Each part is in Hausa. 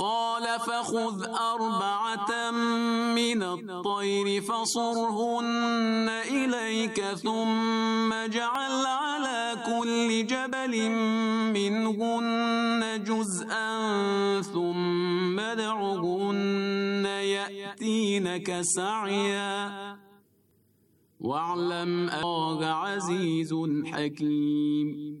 قال فخذ أربعة من الطير فصرهن إليك ثم اجعل على كل جبل منهن جزءا ثم ادعهن يأتينك سعيا واعلم أن عزيز حكيم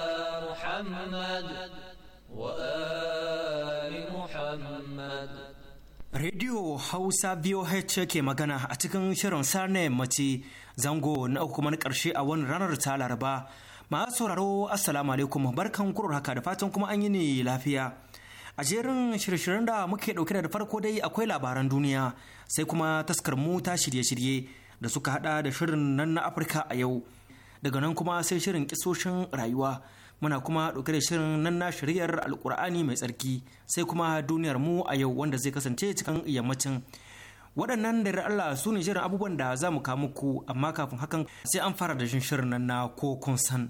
Radio Hausa VOH ke magana a cikin shirin sarne mace zango na uku na ƙarshe a wani ranar ta Laraba. Masu sauraro Assalamu alaikum barkan kurar haka da fatan kuma an yi ne lafiya. A jerin shirye-shiryen da muke ɗauke da farko dai akwai labaran duniya sai kuma taskar mu ta shirye-shirye da suka hada da shirin nan na Afirka a yau. Daga nan kuma sai shirin kisoshin rayuwa. muna kuma ɗauke da shirin nan na shari'ar alkur'ani mai tsarki sai kuma duniyar mu a yau wanda zai kasance cikin yammacin waɗannan da Allah su ne shirin abubuwan da za mu kawo ku amma kafin hakan sai an fara da shirin nan na ko kun san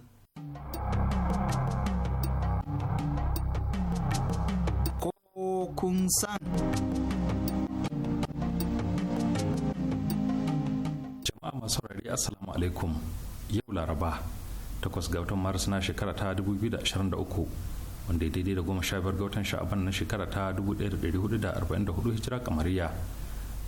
jama'a masu rari assalamu alaikum yau laraba takwas ga watan maris na shekara ta 2023 wanda ya daidai da goma sha biyar ga watan sha'aban na shekara ta 1444 hijira kamariya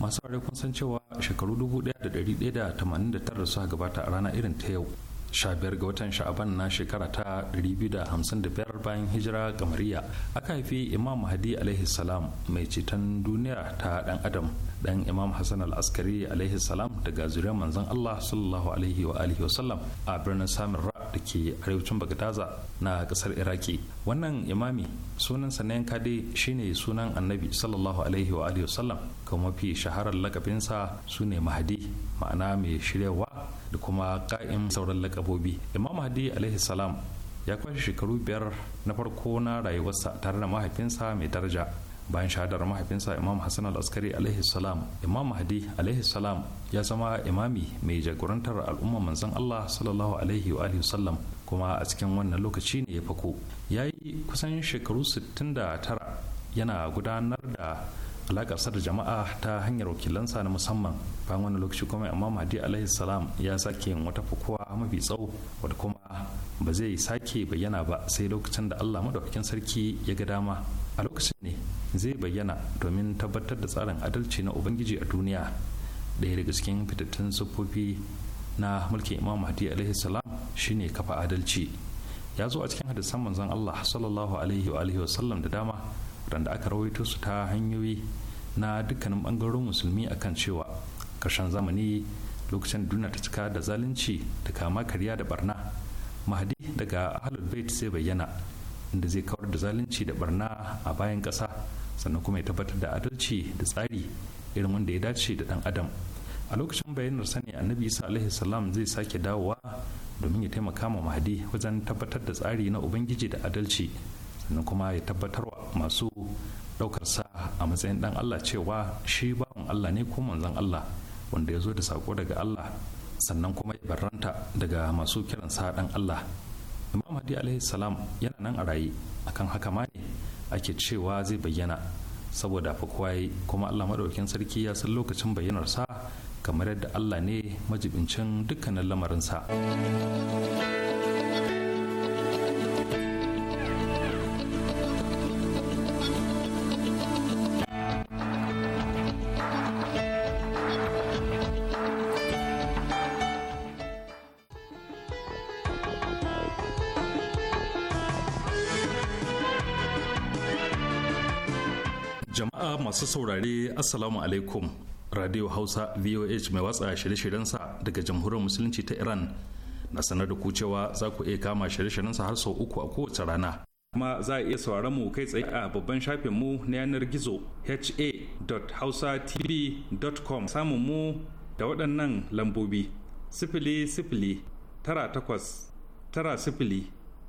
masu ware kun san cewa shekaru 1189 suka gabata a rana irin ta yau 15 ga watan sha'aban na shekara ta 255 bayan hijira kamariya aka haifi imam mahdi alaihi salam mai ceton duniya ta dan adam dan imam hassan al-askari alaihi salam daga zuriyar manzon allah sallallahu alaihi wa alihi wasallam a birnin Ra da ke arewacin bagdaza na kasar iraki wannan imami sunansa na yanka dai shine sunan annabi sallallahu alaihi wa alihi wasallam ga mafi shaharar lakabinsa su ne mahadi ma'ana mai shiryawa da kuma ka'in sauran lakabobi imam mahadi alaihi salam ya kwashe shekaru biyar na farko na rayuwarsa tare da mahaifinsa mai daraja bayan shahadar mahaifinsa imam hassan al-askari alaihi salam imam mahadi alaihi salam ya zama imami mai jagorantar al'umma manzon allah sallallahu alaihi wa sallam kuma a cikin wannan lokaci ne ya fako ya yi kusan shekaru 69 yana gudanar da alakarsa da jama'a ta hanyar wakilansa na musamman bayan wani lokaci kuma imam mahdi alaihi salam ya sake yin wata fukuwa mafi tsawo wadda kuma ba zai sake bayyana ba sai lokacin da allah madaukakin sarki ya ga dama a lokacin ne zai bayyana domin tabbatar da tsarin adalci na ubangiji a duniya ɗaya daga cikin fitattun siffofi na mulkin imam mahdi alaihi salam shine kafa adalci ya zo a cikin hadisan manzon allah sallallahu alaihi wa sallam da dama waɗanda aka rawaito su ta hanyoyi na dukkanin bangarorin musulmi akan cewa karshen zamani lokacin duniya ta cika da zalunci da kama karya da barna mahadi daga ahlul bait sai bayyana inda zai kawar da zalunci da barna a bayan ƙasa sannan kuma ya tabbatar da adalci da tsari irin wanda ya dace da dan adam a lokacin bayanar sani annabi isa alaihi salam zai sake dawowa domin ya taimaka ma mahadi wajen tabbatar da tsari na ubangiji da adalci sannan kuma ya tabbatar wa masu sa a matsayin ɗan Allah cewa shi bawan Allah ne ko manzon Allah wanda ya zo da sako daga Allah sannan kuma ya barranta daga masu kiran sa ɗan Allah imam hadi alaihi salam yana nan a raye akan haka ma ne ake cewa zai bayyana saboda fa kwaye kuma Allah madaukakin sarki ya san lokacin bayyanarsa kamar yadda Allah ne majibincin dukkanin sa masu saurare assalamu alaikum radio hausa voh mai watsa shirye-shiryensa daga jamhuriyar musulunci ta iran na sanar da ku cewa za ku iya kama shirye-shiryensa har sau uku a kowace rana kuma za a iya sauraron mu kai tsaye a babban shafin mu na yanar gizo ha.hausa.tv.com samun mu da waɗannan lambobi sifili sifili tara takwas tara sifili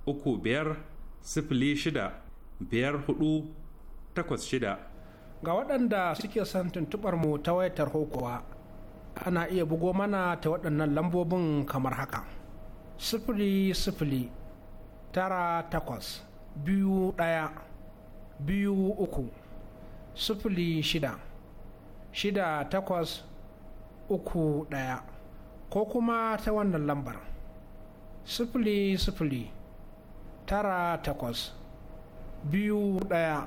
uku biyar sifili shida biyar hudu takwas shida ga waɗanda suke son tuntuɓar mu ta wayar hokowa ana iya bugo mana ta waɗannan lambobin kamar haka sifili sifili tara takwas biyu ɗaya biyu uku sifili shida shida takwas uku ɗaya ko kuma ta wannan lambar sifili sifili tara takwas biyu ɗaya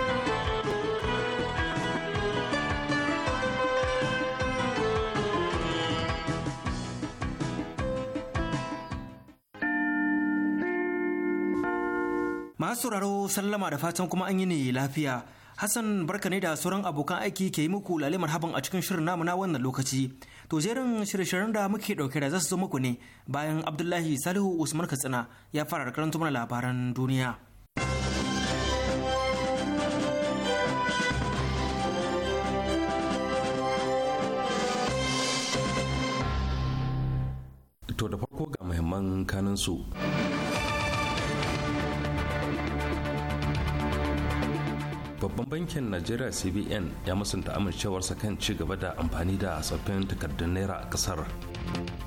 sauraro sallama da fatan kuma an yi ne lafiya. Hassan barka ne da sauran abokan aiki ke yi muku lalimar haban a cikin shirin namu na wannan lokaci. To jerin shirye-shiryen da muke dauke da za su zo muku ne bayan Abdullahi Salihu Usman Katsina ya fara da karanta mana labaran duniya. To da farko ga muhimman kanin su. babban bankin najeriya cbn ya musanta amincewarsa kan ci gaba da amfani da sabbin takardun naira a kasar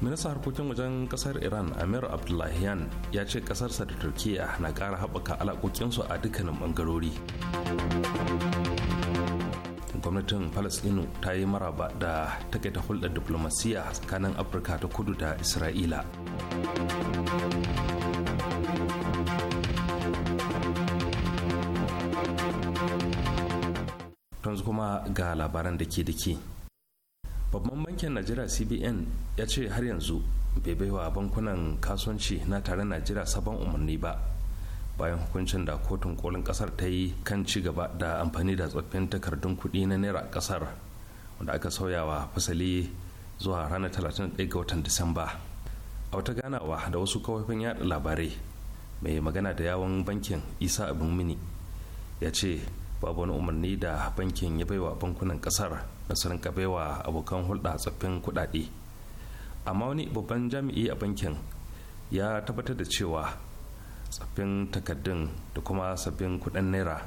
minista harkokin wajen kasar iran amir abdullahian ya ce kasarsa da turkiya na kara haɓaka alaƙoƙinsu a dukkanin ɓangarori gwamnatin palestino ta yi maraba da takaita hulɗar diplomasiya tsakanin afirka ta kudu da isra'ila yanzu kuma ga labaran da ke da ke babban bankin najeriya cbn ya ce har yanzu bai baiwa bankunan kasuwanci na tare najeriya sabon umarni ba bayan hukuncin da kotun kolin kasar ta yi kan ci gaba da amfani da tsoffin takardun kuɗi na naira kasar wanda aka sauyawa fasali zuwa ranar 31 ga watan disamba a wata ganawa da wasu kawafin yada labarai mai magana da yawon bankin isa abin mini ya ce babu wani umarni da bankin ya baiwa bankunan kasar na su rinka baiwa abokan hulɗa tsaffin kuɗaɗe amma wani babban jami'i a bankin ya tabbatar da cewa tsaffin takaddun da kuma sabbin kuɗin naira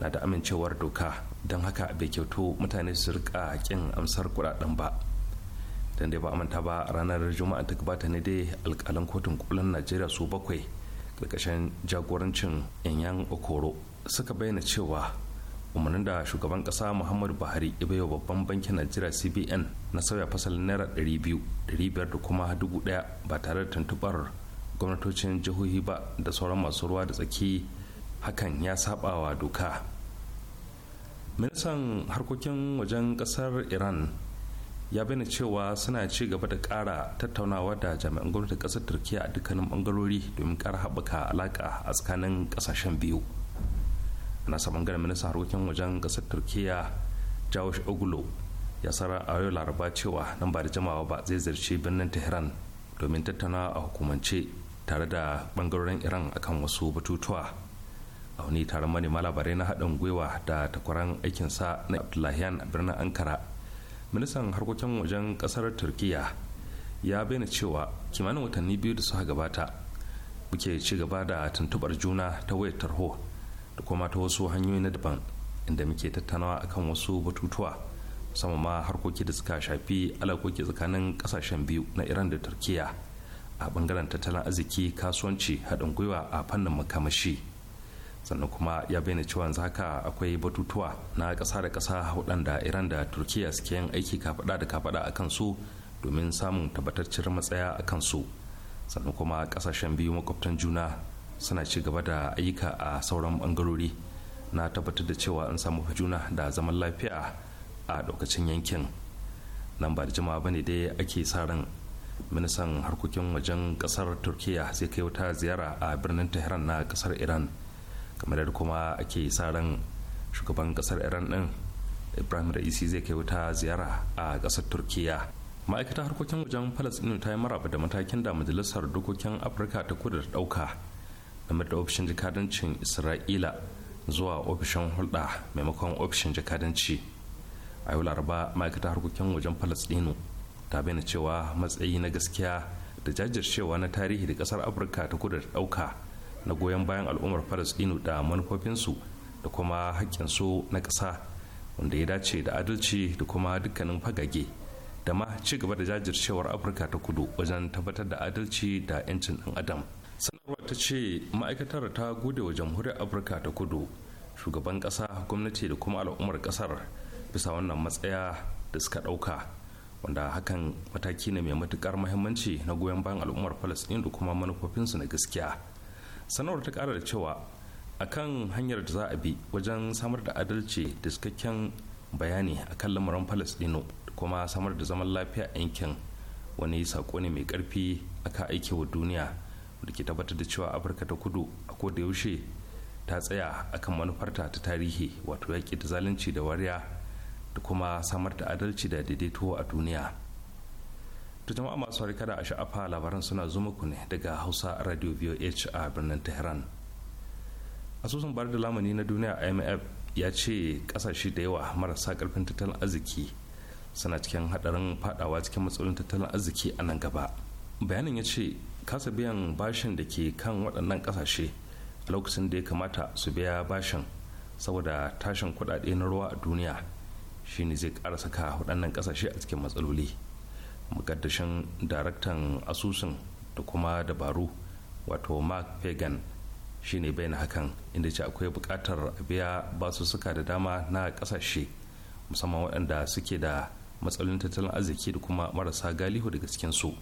na da amincewar doka don haka bai kyautu mutane su rika kin amsar kuɗaɗen ba don dai ba amanta ba ranar juma'a ta gabata ne dai alƙalan kotun kolin najeriya su bakwai ƙarƙashin jagorancin yan okoro suka bayyana cewa umarnin da shugaban kasa muhammadu buhari ya baiwa babban bankin najeriya cbn na sauya fasalin naira 200 500 da kuma 1000 ba tare da tuntubar gwamnatocin jihohi ba da sauran masu ruwa da tsaki hakan ya saba wa doka ministan harkokin wajen kasar iran ya bayyana cewa suna ci gaba da kara tattaunawa da jami'an gwamnatin kasar turkiya a dukkanin bangarori domin kara haɓaka alaƙa a tsakanin ƙasashen biyu ana saman bangaren ministan harkokin wajen ƙasar turkiya jawash ogulo ya sara a yau laraba cewa nan ba da jamawa ba zai ziyarci birnin tehran domin tattauna a hukumance tare da bangarorin iran akan wasu batutuwa a wani taron manema labarai na haɗin gwiwa da takwaran aikinsa na abdullahian a birnin ankara ministan harkokin wajen kasar turkiya ya bayyana cewa kimanin watanni biyu da suka gabata muke ci gaba da tuntubar juna ta wayar tarho da kuma ta wasu hanyoyi na daban inda muke tattaunawa akan wasu batutuwa musamman ma harkoki da suka shafi alakoki tsakanin kasashen biyu na iran da turkiya a bangaren tattalin arziki kasuwanci haɗin gwiwa a fannin makamashi sannan kuma ya bayyana cewa yanzu haka akwai batutuwa na ƙasa da ƙasa waɗanda iran da turkiya suke yin aiki kafaɗa da kafaɗa a kansu domin samun tabbataccen matsaya a kansu sannan kuma ƙasashen biyu makwabtan juna suna ci gaba da ayyuka a sauran bangarori na tabbatar da cewa an samu juna da zaman lafiya a lokacin yankin nan ba da jama'a ne dai ake sa ran ministan harkokin wajen kasar turkiya zai kai wata ziyara a birnin tehran na kasar iran kamar da kuma ake sa ran shugaban kasar iran din ibrahim raisi zai kai wata ziyara a kasar turkiya ma'aikatar harkokin wajen palestine ta yi maraba da matakin da majalisar dokokin afirka ta kudu da dauka game da ofishin jikadancin isra'ila zuwa ofishin hulɗa maimakon ofishin jikadanci a yau laraba ma'aikatar harkokin wajen falastinu ta bayyana cewa matsayi na gaskiya da jajircewa na tarihi da ƙasar afirka ta kudu da ɗauka na goyon bayan al'ummar falastinu da manufofinsu da kuma haƙƙinsu na ƙasa wanda ya dace da adalci da kuma dukkanin fagage da ma ci gaba da jajircewar afirka ta kudu wajen tabbatar da adalci da 'yancin ɗan adam sanarwar ta ce ma'aikatar ta gode wa jamhuriyar afirka ta kudu shugaban kasa gwamnati da kuma al'ummar kasar bisa wannan matsaya da suka ɗauka wanda hakan mataki ne mai matukar muhimmanci na goyon bayan al'ummar palestine da kuma manufofinsu na gaskiya sanarwar ta kara da cewa a kan hanyar da za a bi wajen samar da adalci da cikakken bayani a kan lamarin palestino da kuma samar da zaman lafiya a yankin wani sako ne mai karfi aka aiki wa duniya rike tabbatar da cewa afirka ta kudu a da yaushe ta tsaya akan manufarta ta tarihi wato yaƙi da zalunci da wariya da kuma samar da adalci da daidaito a duniya to jama'a masu harika da a sha'afa labaran suna zuma ku ne daga hausa radio voh a birnin tehran asusun bar da lamani na duniya imf ya ce kasashe da yawa marasa karfin tattalin arziki suna cikin hadarin fadawa cikin matsalolin tattalin arziki a nan gaba bayanin ya ce kasa biyan bashin da ke kan waɗannan ƙasashe a lokacin da ya kamata su biya bashin saboda tashin kuɗaɗe na ruwa a duniya shine zai ƙara saka waɗannan ƙasashe a cikin matsaloli makaddashin daraktan asusun da kuma dabaru wato mark ne shine na hakan inda ce akwai buƙatar biya suka da dama na ƙasashe musamman waɗanda suke da matsalolin tattalin arziki da kuma marasa galihu daga cikinsu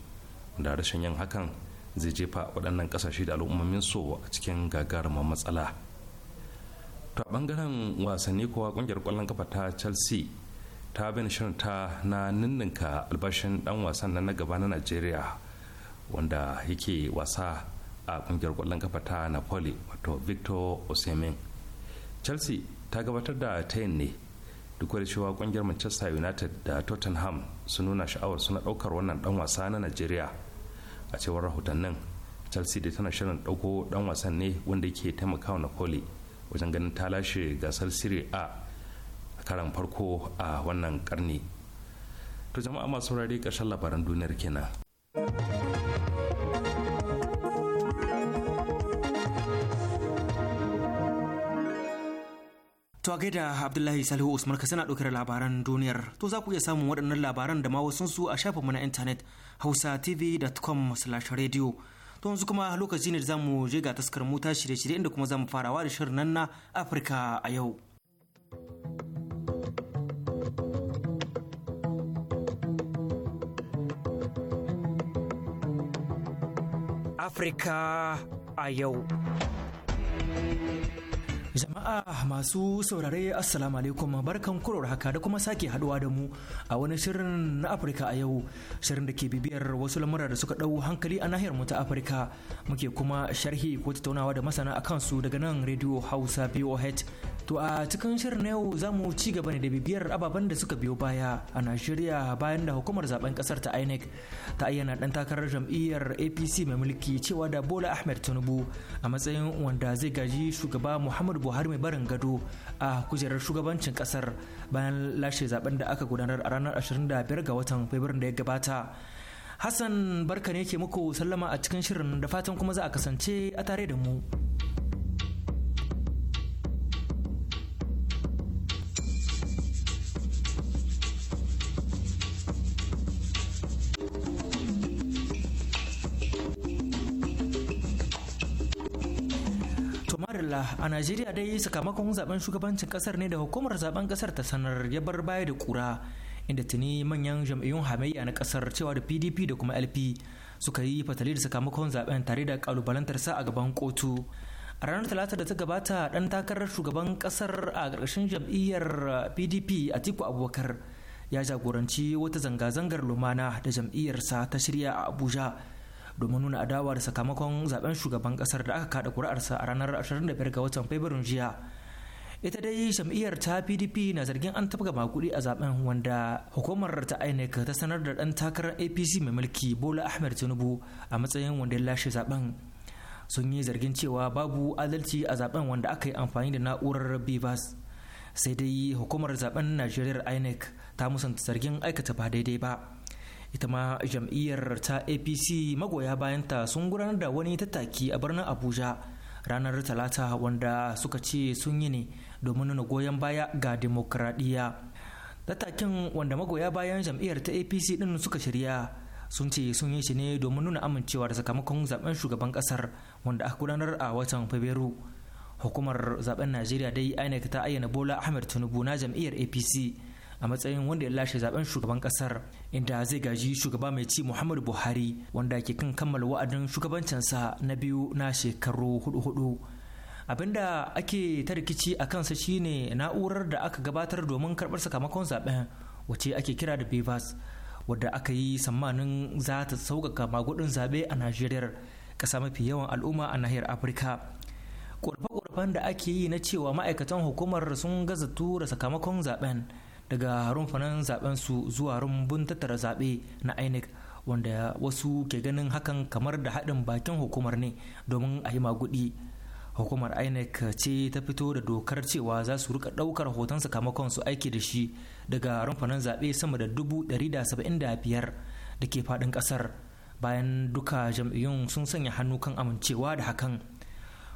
da rashin yin hakan zai jefa waɗannan ƙasashe da al'ummomin so a cikin gagarumar matsala to a ɓangaren wasanni kowa ƙungiyar ƙwallon kafa ta chelsea ta bin shirin ta na ninninka albashin ɗan wasan na gaba na nigeria wanda yake wasa a ƙungiyar ƙwallon kafa ta napoli wato victor osimhen chelsea ta gabatar da tayin ne duk da cewa ƙungiyar manchester united da tottenham su nuna sha'awar suna ɗaukar wannan ɗan wasa na nigeria a cewar rahotannin chelsea da tana shirin dauko dan wasan ne wanda yake taimakawa napoli wajen ganin ta lashe gasar sirri a karan farko a wannan karni to jama'a masu rari ƙarshen labaran duniyar kenan To a gaida Abdullahi Salihu Usman ka sana ɗaukar labaran duniyar. To za ku iya samun waɗannan labaran da ma wasu su a shafinmu na intanet hausa hausatv.com slash radio. To yanzu kuma lokaci ne da za mu je ga taskar mota shirye-shirye inda kuma za mu farawa da shirin nan na Afirka a yau. Afirka a yau. Jama'a masu saurare Assalamu alaikum barkan kurar haka da kuma sake haduwa da mu a wani shirin na Afirka a yau shirin da ke bibiyar wasu lamura da suka dau hankali a nahiyar mu ta Afirka muke kuma sharhi ko tattaunawa da masana akan su daga nan Radio Hausa BOH To a cikin shirin na yau za mu ci gaba ne da bibiyar ababen da suka biyo baya a Najeriya bayan da hukumar zaben kasar ta INEC ta ayyana dan takarar jam'iyyar APC mai mulki cewa da Bola Ahmed Tinubu a matsayin wanda zai gaji shugaba Muhammadu Buhari mai barin gado a kujerar shugabancin kasar bayan lashe zaben da aka gudanar a ranar biyar ga watan Fabrairu da ya gabata. Hassan barka ne ke muku sallama a cikin shirin da fatan kuma za a kasance a tare da mu. a Najeriya dai sakamakon zaben shugabancin kasar ne da hukumar zaben kasar ta sanar ya bar baya da kura inda tuni manyan jam'iyyun hamayya na kasar cewa da PDP da kuma LP suka yi fatali da sakamakon zaben tare da kalubalantar sa a gaban kotu. A ranar Talata da ta gabata dan takarar shugaban kasar a ƙarshen jam'iyyar PDP Atiku Abubakar ya jagoranci wata zanga-zangar lumana da jam'iyyarsa ta shirya a Abuja. domin nuna adawa da sakamakon zaben shugaban kasar da aka kada kuri'arsa a ranar 25 ga watan fabrairun jiya ita dai jam'iyyar ta pdp na zargin an gaba makudi a zaben wanda hukumar ta inec ta sanar da dan takarar apc mai mulki bola ahmed tinubu a matsayin wanda ya lashe zaben sun yi zargin cewa babu adalci a zaben wanda aka yi amfani da na'urar bivas sai dai hukumar zaben najeriya inec ta musanta zargin aikata ba daidai ba ita ma jam'iyyar ta apc magoya bayanta sun gudanar da wani tattaki a birnin abuja ranar talata wanda suka ce sun yi ne domin nuna goyon baya ga demokradiyya tattakin wanda magoya bayan jam'iyyar ta apc din suka shirya sun ce sun yi shi ne domin nuna amincewa da sakamakon zaben shugaban kasar wanda aka gudanar a watan fabrairu hukumar zaben najeriya dai inec ta ayyana bola ahmed tinubu na jam'iyyar apc a matsayin wanda ya lashe zaben shugaban kasar inda zai gaji shugaba mai ci muhammadu buhari wanda ke kan kammala wa'adin shugabancinsa na biyu na shekaru hudu-hudu abinda ake ta rikici a kansa shine na'urar da aka gabatar domin karbar sakamakon zaben wace ake kira da bevas wadda aka yi sammanin za ta sauƙaƙa magudin zaɓe a najeriya ƙasa mafi yawan al'umma a nahiyar afirka ƙorfe ƙorafen da ake yi na cewa ma'aikatan hukumar sun gaza tura sakamakon zaben daga rumfanin zaben su zuwa rumbun tattara zaɓe na inec wanda wasu ke ganin hakan kamar da haɗin bakin hukumar ne domin a yi maguɗi hukumar inec ce ta fito da dokar cewa za su rika ɗaukar hoton sakamakon su aiki da shi daga rumfanin zaɓe sama da dubu ɗari da saba'in da biyar da ke faɗin ƙasar bayan duka jam'iyyun sun sanya hannu kan amincewa da hakan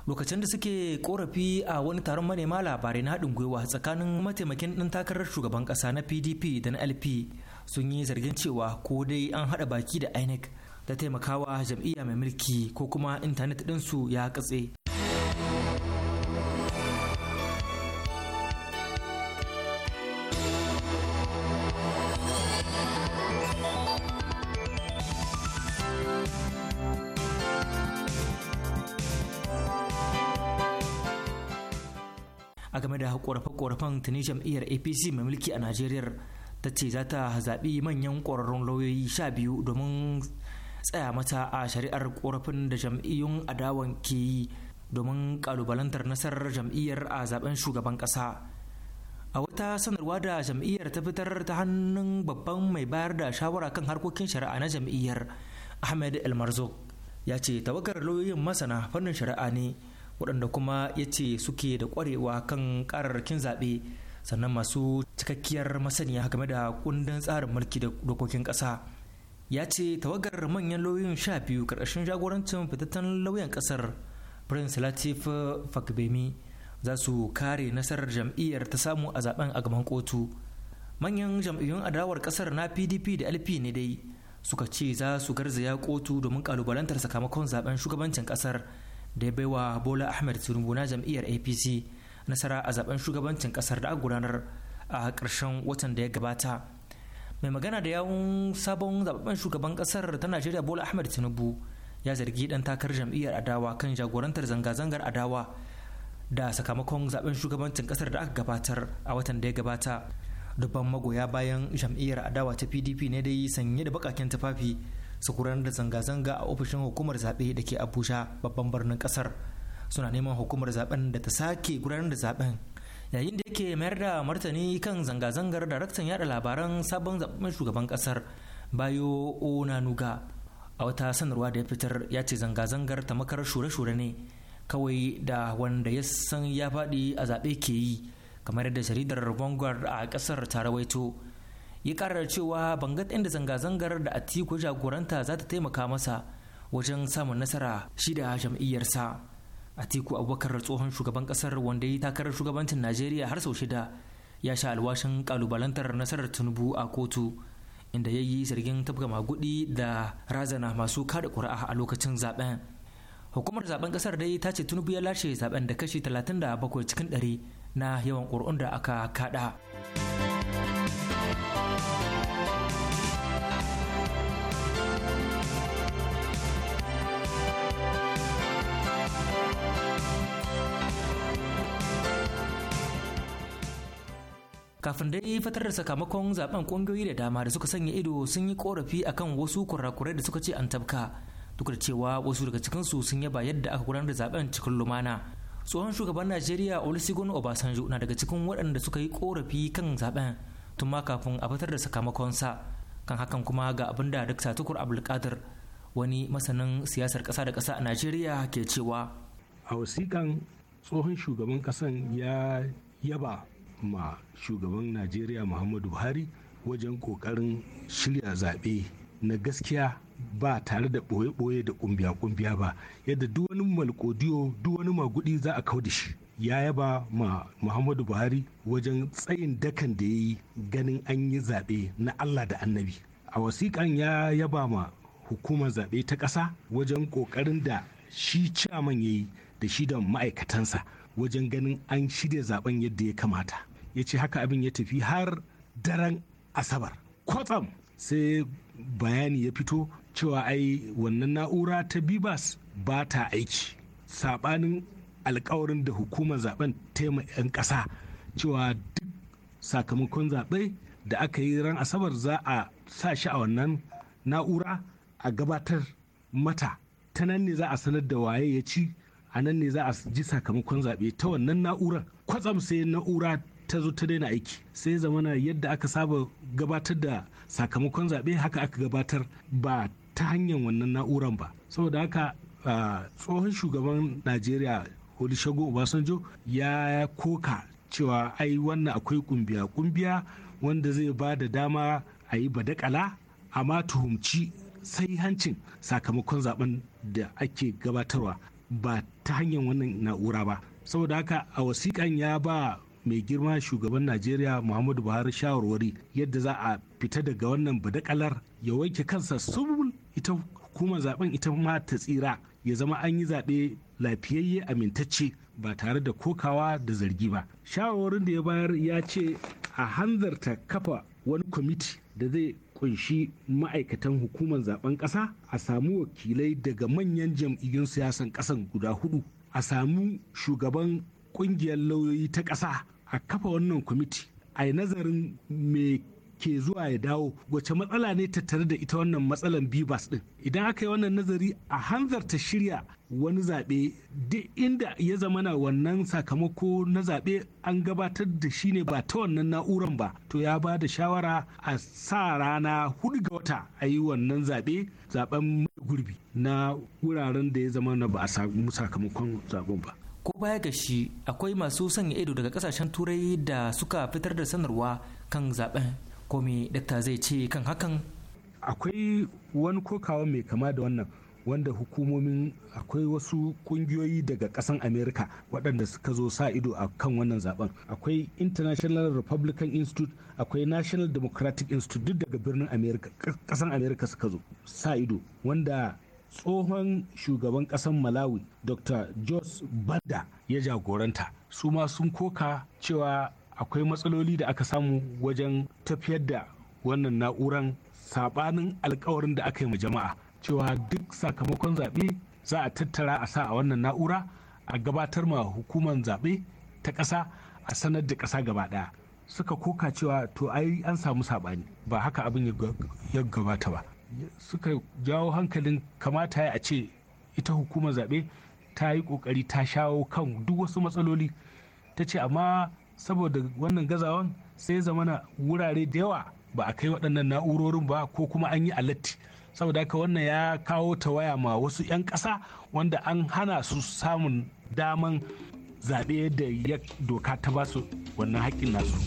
lokacin da suke korafi a wani taron manema labarai na haɗin gwiwa tsakanin mataimakin ɗan takarar shugaban ƙasa na pdp da na lp sun yi zargin cewa ko dai an haɗa baki da inec da taimakawa jam'iyya mai mulki ko kuma intanet ɗinsu ya katse korafe-korafen tuni jam'iyyar apc mai mulki a najeriya ta ce za ta zaɓi manyan ƙwararrun lauyoyi sha biyu domin tsaya mata a shari'ar ƙorafin da jam'iyyun adawan ke yi domin ƙalubalantar nasarar jam'iyyar a zaben shugaban ƙasa a wata sanarwa da jam'iyyar ta fitar ta hannun babban mai bayar da shawara kan harkokin shari'a na jam'iyyar ahmed el ya ce tawagar lauyoyin masana fannin shari'a ne waɗanda kuma ya ce suke da ƙwarewa kan ƙararrakin zaɓe sannan masu cikakkiyar masaniya game da kundin tsarin mulki da dokokin ƙasa ya ce tawagar manyan lauyoyin sha biyu ƙarƙashin jagorancin fitattun lauyan ƙasar prince latif fakbemi za su kare nasarar jam'iyyar ta samu a zaben a gaban kotu manyan jam'iyyun adawar ƙasar na pdp da lp ne dai suka ce za su garzaya kotu domin kalubalantar sakamakon zaben shugabancin ƙasar da ya baiwa bola ahmed tinubu na jam'iyyar apc nasara a zaben shugabancin kasar da aka gudanar a ƙarshen watan da ya gabata mai magana da yawun sabon zababben shugaban kasar ta najeriya bola ahmed tinubu ya zargi dan takar jam'iyyar adawa kan jagorantar zanga-zangar adawa da sakamakon zaben shugabancin kasar da aka gabatar a watan da ya gabata dubban magoya bayan jam'iyyar adawa ta pdp ne da yi sanye da bakakin tufafi su da zanga-zanga a ofishin hukumar zaɓe da ke abuja babban birnin ƙasar suna neman hukumar zaɓen da ta sake gudanar da zaɓen yayin da yake mayar da martani kan zanga-zangar da raktan yada labaran sabon zaɓen shugaban ƙasar bayo onanuga a wata sanarwa da ya fitar ya ce zanga-zangar ta makarar shure-shure ne kawai da wanda ya san ya faɗi a zaɓe ke yi kamar yadda jaridar vanguard a ƙasar ta rawaito ya karar cewa bangat inda zanga-zangar da atiku jagoranta za ta taimaka masa wajen samun nasara shi da jam'iyyarsa atiku abubakar tsohon shugaban kasar wanda ya takarar shugabancin najeriya har sau shida ya sha alwashin kalubalantar nasarar tinubu a kotu inda ya yi zargin tafka magudi da razana masu kada kuri'a a lokacin zaben hukumar zaben kasar dai ta ce tinubu ya lashe zaben da kashi talatin da bakwai cikin 100 na yawan ƙuri'un da aka kada. kafin dai fitar da sakamakon zaben kungiyoyi da dama da suka sanya ido sun yi korafi akan wasu kurakurai da suka ce an tabka duk da cewa wasu daga cikinsu sun yaba yadda aka gudanar da zaben cikin lumana tsohon shugaban najeriya olusegun obasanjo na daga cikin waɗanda suka yi korafi kan zaben tun ma kafin a fitar da sakamakon sa kan hakan kuma ga abin da duk tukur abdulkadir wani masanin siyasar kasa da ƙasa a najeriya ke cewa a wasiƙan tsohon shugaban kasan ya yaba ma shugaban najeriya muhammadu buhari wajen kokarin shirya zaɓe na gaskiya ba tare da ɓoye-ɓoye da ƙumbiya-ƙumbiya ba yadda duk wani malkodiyo duk wani magudi za a kau da shi ya yaba ma muhammadu buhari wajen tsayin dakan da ya yi ganin an yi zaɓe na allah da annabi a wasiƙan ya yaba ma hukumar zaɓe ta ƙasa wajen ƙoƙarin da shi ciaman ya yi da shi da ma'aikatansa wajen ganin an shirya zaben yadda ya kamata ya ce haka abin ya tafi har daren asabar kwatsam sai bayani ya fito cewa ai wannan na'ura ta bibas ba ta aiki Saɓanin alkawarin da hukumar zaben tema 'yan ƙasa cewa duk sakamakon zaɓe da aka yi ran asabar za a sa shi a wannan na'ura a gabatar mata ta nan ne za a sanar da waye ya ci a nan ne za a ji sakamakon zaɓe ta wannan na'urar kwatsam sai na'ura ta zo ta daina aiki sai zamana yadda aka saba gabatar da sakamakon zaɓe haka aka gabatar ba ta hanyar wannan na'uran ba saboda haka tsohon shugaban najeriya shago obasanjo ya koka cewa ai wannan akwai kumbiya kumbiya wanda zai ba da dama a yi badakala amma tuhumci sai hancin sakamakon zaben da ake gabatarwa ba ta hanyar wannan na'ura ba saboda haka a wasiƙan ya ba mai girma shugaban najeriya muhammadu buhari shawarwari yadda za a fita daga wannan badakalar ya wanke kansa subul ita hukumar zaben ita ma ta tsira ya zama an yi zaɓe lafiyayye amintacce ba tare da kokawa da zargi ba shawarwarin da ya bayar ya ce a hanzarta kafa wani kwamiti da zai kunshi ma'aikatan hukumar zaben ƙasa a samu wakilai daga manyan jam'iyyun siyasan ƙasan guda hudu a samu shugaban ƙungiyar lauyoyi ta ƙasa a kafa wannan kwamiti a yi nazarin me ke zuwa ya dawo wace matsala ne tattare da ita wannan matsalan bibas din idan aka yi wannan nazari a hanzarta shirya wani zaɓe duk inda ya zama zamana wannan sakamako na zaɓe an gabatar da shi ne ba ta wannan na'uran ba to ya ba da shawara a sa rana hudu ga wata a yi wannan zaɓe zaɓen gurbi na wuraren da ya zama na ba a samu sakamakon zaɓen ba ko baya ga shi akwai masu sanya ido daga kasashen turai da suka fitar da sanarwa kan zaɓen, ko me dakta zai ce kan hakan akwai wani kokawa mai kama da wannan wanda hukumomin akwai wasu kungiyoyi daga ƙasan america waɗanda suka zo sa ido a kan wannan zaben akwai international republican institute akwai national democratic institute duk daga birnin america ƙasan america suka zo sa ido wanda tsohon shugaban ƙasar malawi dr jos banda ya jagoranta su ma sun koka cewa akwai matsaloli da aka samu wajen tafiyar da wannan na'urar sabanin alkawarin da aka yi ma jama'a cewa duk sakamakon zaɓe za a tattara a sa a wannan na'ura a gabatar ma hukumar zaɓe ta ƙasa a sanar da ƙasa gaba ɗaya suka koka cewa to ai an samu saɓani ba haka abin ya gabata ba suka jawo hankalin kamata ya a ce ita hukumar zaɓe ta yi ƙoƙari ta shawo kan duk wasu matsaloli ta ce amma saboda wannan gazawan sai zamana wurare da yawa ba a kai waɗannan na'urorin ba ko kuma an yi alatti saboda haka wannan ya kawo ta waya ma wasu 'yan ƙasa wanda an hana su samun daman zaɓe da ya doka ta ba su wannan haƙƙin nasu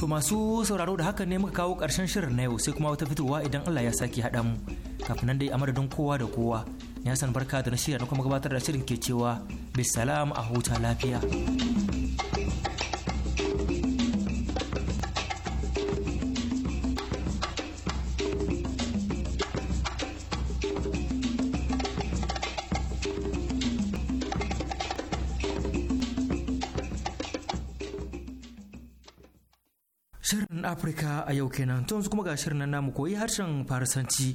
to masu sauraro da hakan ne muka kawo ƙarshen shirin na yau sai kuma wata fitowa idan Allah ya sake haɗa mu kafin nan dai a madadin kowa da kowa ya san barka da na shirya na kuma gabatar da shirin ke cewa bisalam a huta lafiya. Afirka a yau kenan to yanzu kuma ga shirin nan namu koyi harshen Farisanci.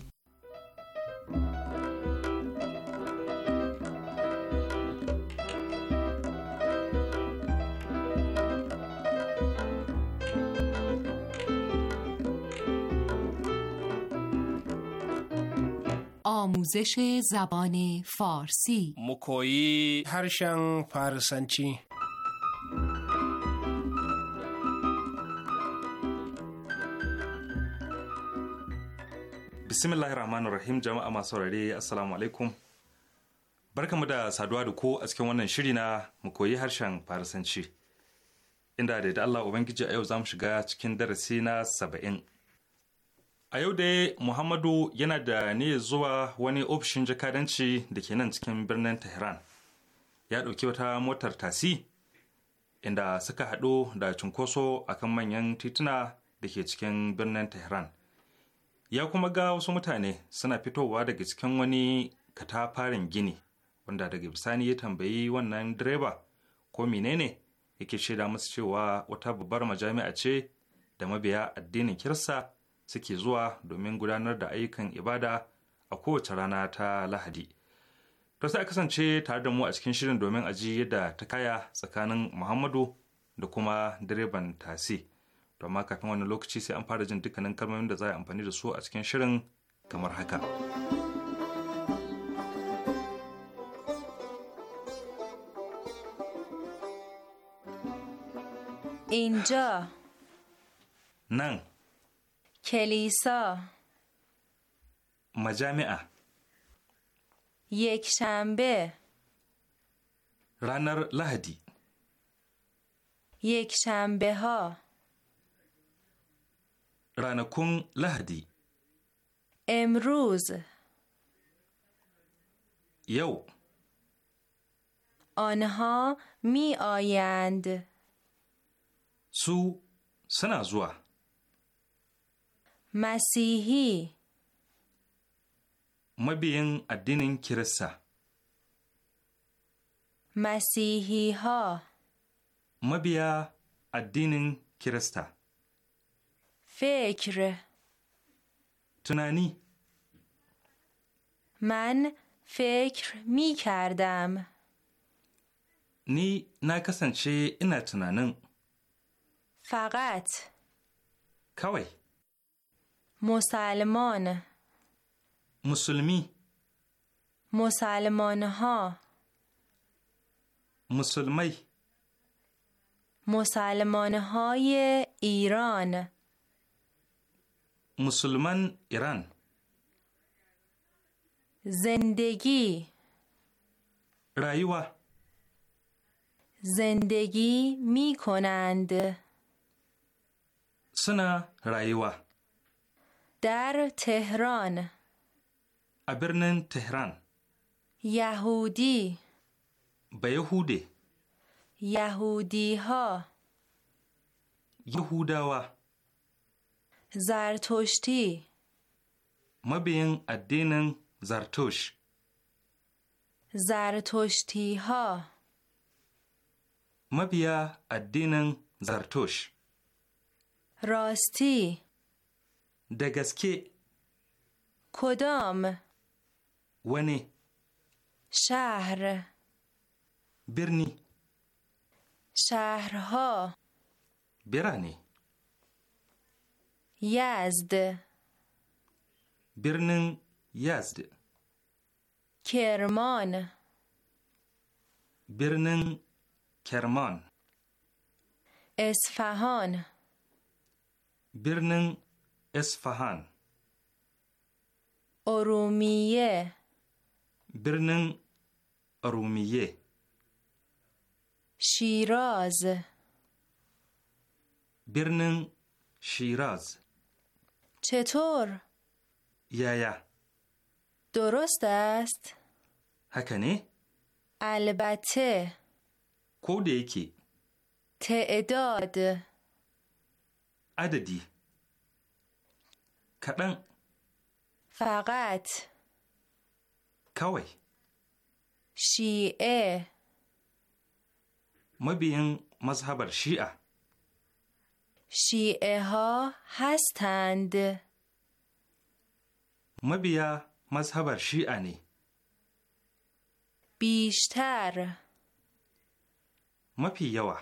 آموزش زبان فارسی مکویی هرشن فارسنچی bismillahi Rahmanir Rahim jama'a masu saurare Assalamu alaikum. Barkamu da saduwa da ko a cikin wannan shiri na mu koyi harshen Farisanci. Inda da da Allah Ubangiji a yau za mu shiga cikin darasi na saba'in. A yau dai Muhammadu yana da ne zuwa wani ofishin jakadanci da ke nan cikin birnin Tehran. Ya ɗauki wata motar tasi inda suka haɗu da cunkoso akan manyan tituna da ke cikin birnin Tehran. ya kuma ga wasu mutane suna fitowa daga cikin wani katafaren gini wanda daga bisani ya tambayi wannan direba ko menene yake shaida musu cewa wata babbar majami'a ce da mabiya addinin kirsa suke zuwa domin gudanar da ayyukan ibada a kowace rana ta lahadi to sai kasance tare da mu a cikin shirin domin aji yadda ta kaya tsakanin muhammadu da kuma direban tasi. to amma kafin wani lokaci sai an fara jin dukkanin kalmomin da za a amfani da su a cikin shirin kamar haka. Inja. nan. kelisa majami'a. یک Ranar Lahadi. لهدی ha. ranakun lahadi. emrose. yau. on ho me su suna zuwa. masihi. mabiyan addinin kirista. masihiho. mabiya addinin kirista. فکر تنانی من فکر می کردم نی چه اینا تنانن فقط کوی مسلمان مسلمی مسلمان ها مسلمی مسلمان های ایران musulman Iran. Zendegi. Rayuwa. Zendegi mi konand. Suna rayuwa. Dar Tehran. A birnin Tehran. Yahudi. Ba Yahude. Yahudi ha. Yahudawa. Zartoshti. Mabiyin addinin Zartosh. Zartoshti ha. Mabiya addinin Zartosh. Rosti. Da gaske. Kodam. Wani. Shahr. Birni. Shahr ha. Birane. یزد برنن یزد کرمان برنن کرمان اسفهان برنن اسفهان ارومیه برنن ارومیه شیراز برنن شیراز چطور؟ یا یا درست است؟ هکنی؟ البته کوده یکی تعداد عددی کدن فقط کوی شیعه مبین مذهب شیعه شیعه ها هستند بیا مذهب شیعه بیشتر ما یوا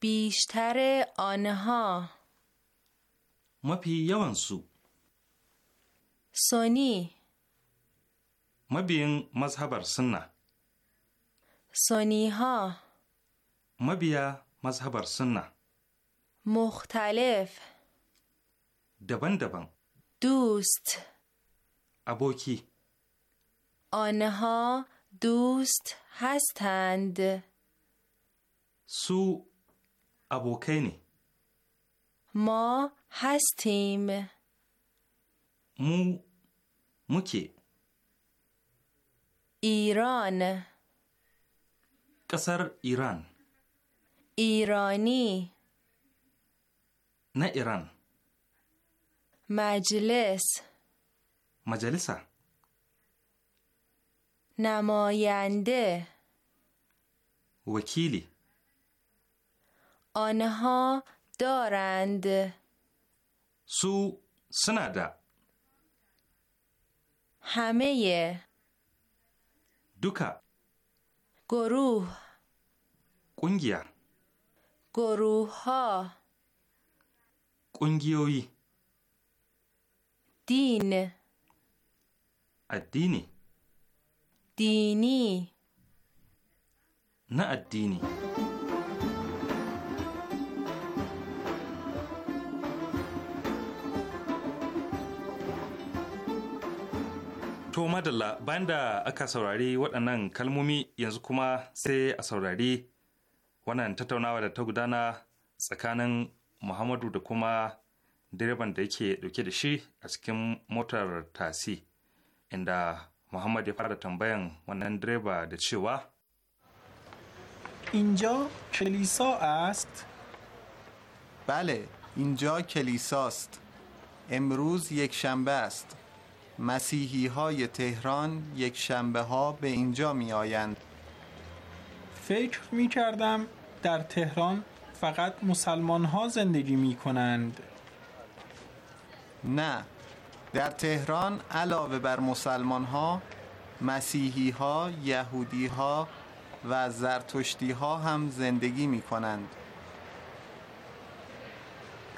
بیشتر آنها مپی سو. سونی بین مذهب سنه سونی ها بیا مذهب سنه مختلف دبن دبن دوست ابوکی آنها دوست هستند سو ابوکینی ما هستیم مو مکی ایران قصر ایران ایرانی نه ایران مجلس مجلس نماینده وکیلی آنها دارند سو سنادا همه دوکا گروه گروه ها ƙungiyoyi din addini dini na addini To madalla bayan da aka saurari waɗannan kalmomi yanzu kuma sai a saurari wannan tattaunawa da ta gudana tsakanin muhammadu da kuma direban da yake dauke da shi a cikin motar tasi inda muhammad ya fara tambayan wannan direba da cewa اینجا کلیسا است؟ بله اینجا کلیساست امروز یک شنبه است مسیحی های تهران یک شنبه ها به اینجا می آیند فکر می کردم در تهران فقط مسلمان ها زندگی می کنند نه در تهران علاوه بر مسلمان ها مسیحی ها یهودی ها و زرتشتی ها هم زندگی می کنند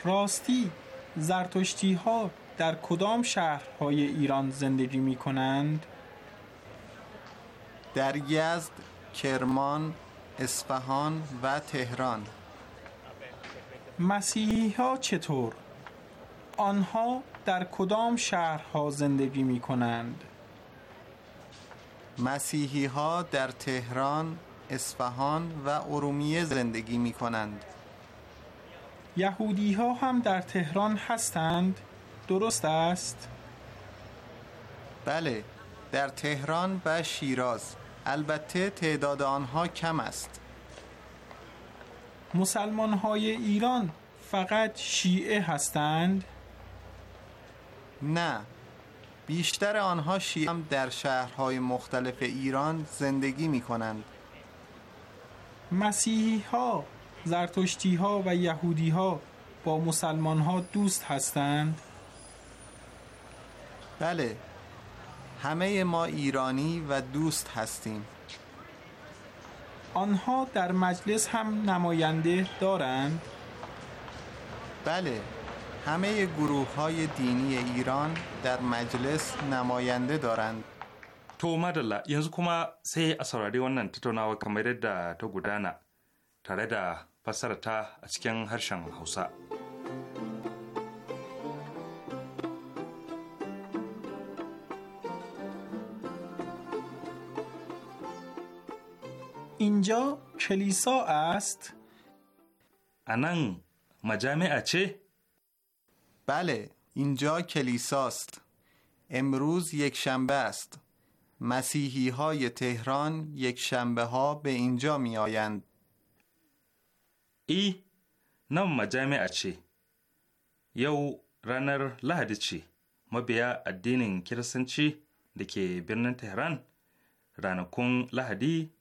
راستی زرتشتی ها در کدام شهرهای ایران زندگی می کنند؟ در یزد، کرمان، اصفهان و تهران مسیحی ها چطور؟ آنها در کدام شهرها زندگی می کنند؟ مسیحی ها در تهران، اصفهان و ارومیه زندگی می کنند. یهودی ها هم در تهران هستند؟ درست است؟ بله، در تهران و شیراز. البته تعداد آنها کم است. مسلمان های ایران فقط شیعه هستند؟ نه بیشتر آنها شیعه هم در شهرهای مختلف ایران زندگی می کنند مسیحی ها، زرتشتی ها و یهودی ها با مسلمان ها دوست هستند؟ بله همه ما ایرانی و دوست هستیم آنها در مجلس هم نماینده دارند؟ بله همه گروه های دینی ایران در مجلس نماینده دارند To madalla yanzu kuma sai a saurari wannan tattaunawa kamar yadda ta gudana tare da fassarata a cikin harshen Hausa. اینجا کلیسا است؟ انن مجامع چه؟ بله اینجا کلیساست امروز یک شنبه است مسیحی های تهران یک شنبه ها به اینجا می ای نم مجامع چه؟ یو رنر لحد چی؟ ما بیا ادینین چی؟ دکه برنن تهران رانکون لحدی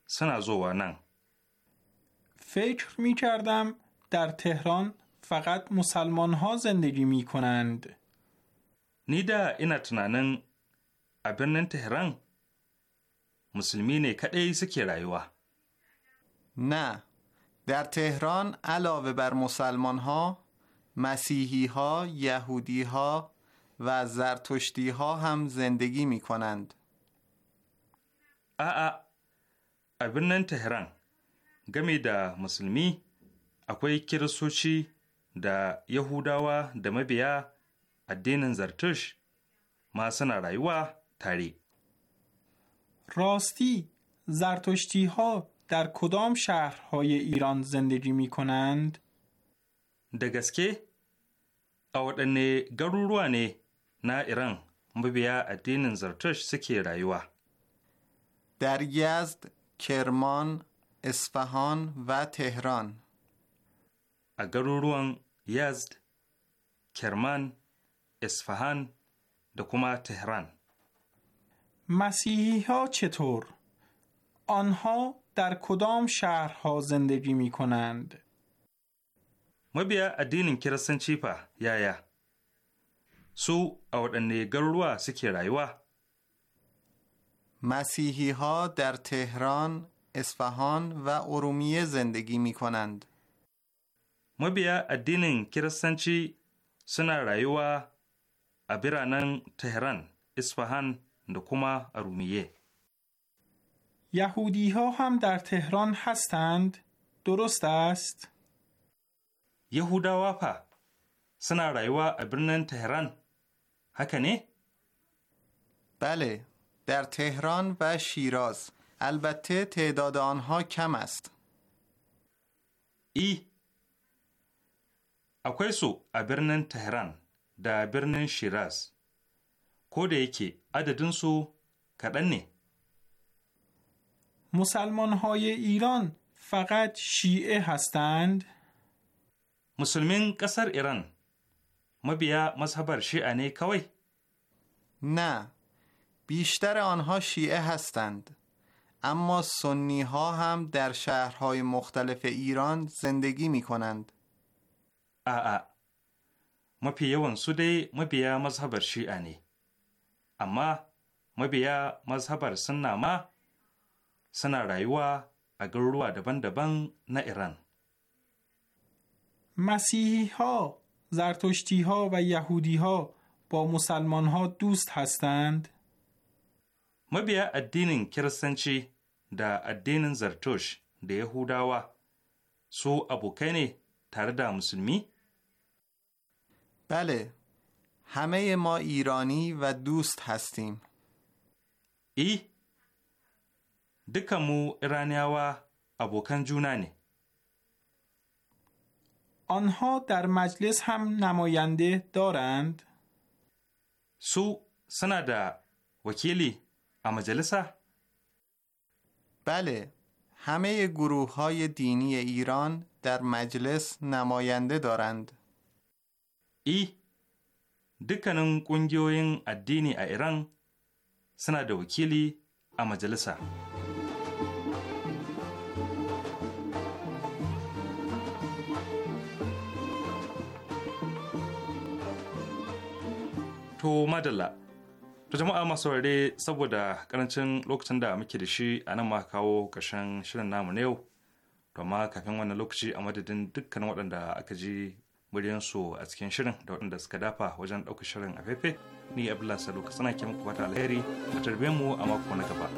فکر می کردم در تهران فقط مسلمان ها زندگی می کنند نیده اینا تنانن تهران مسلمین نه کدی رایوا نه در تهران علاوه بر مسلمان ها مسیحی ها، یهودی ها و زرتشتی ها هم زندگی می کنند. a birnin Tehran game da musulmi akwai kiristoci da Yahudawa da mabiya addinin Zartush ma suna rayuwa tare. Rosti Zartushti ha dar kudam shahar hai Iran zindagi mikonand? Da gaske a waɗanne garuruwa ne na Iran mabiya addinin Zartush suke rayuwa. Dar yazd کرمان، اسفهان و تهران. اگر یزد، کرمان، اصفهان، دکومه تهران. مسیحی ها چطور؟ آنها در کدام شهرها زندگی می کنند؟ ما بیا ادین کرسن چیپا یا یا سو او دنی گروه سکی مسیحی ها در تهران، اصفهان و ارومیه زندگی می کنند. مبیا ادینین کرستنچی سنا رایوا ابرانن تهران، اصفهان و کوما ارومیه. یهودی ها هم در تهران هستند؟ درست است؟ یهودا واپا سنا رایوا ابرنن تهران هکنه؟ بله در تهران و شیراز البته تعداد آنها کم است ای اکوی سو ابرنن تهران، دا شیراز شیراز کوده ko da سو سو مسلمان های ایران فقط شیعه هستند؟ مسلمین قصر ایران بیا مذهبر شیعه نه کوی؟ نه بیشتر آنها شیعه هستند اما سنی ها هم در شهرهای مختلف ایران زندگی می کنند آآ ما پیوان سوده ما بیا مذهب شیعه نی اما ما بیا مذهب سنه ما سنه رایوا اگر روا دبن دبن نه ایران مسیحی ها زرتشتی ها و یهودی ها با مسلمان ها دوست هستند؟ Mabiya addinin Kiristanci da addinin Zartosh da Yahudawa su abokai tare da Musulmi? Bale, hame ma Irani wa dust hastim. I, duka mu Iraniyawa abokan juna ne. آنها در مجلس هم نماینده toran? Su suna da wakili? اما جلسه؟ بله همه گروه های دینی ایران در مجلس نماینده دارند ای دکنن کنگیوین ادینی ایران سنا دو وکیلی اما جلسه. تو madalla To jama'a masu ware saboda karancin lokacin da muke da shi a nan ma kawo ƙarshen shirin namu na yau. To amma kafin wannan lokaci a madadin dukkan waɗanda aka ji muryansu a cikin shirin da waɗanda suka dafa wajen ɗaukar shirin a fefe ni Abdullahi Salo ka sana ke muku fata alheri a tarbe mu a mako na gaba.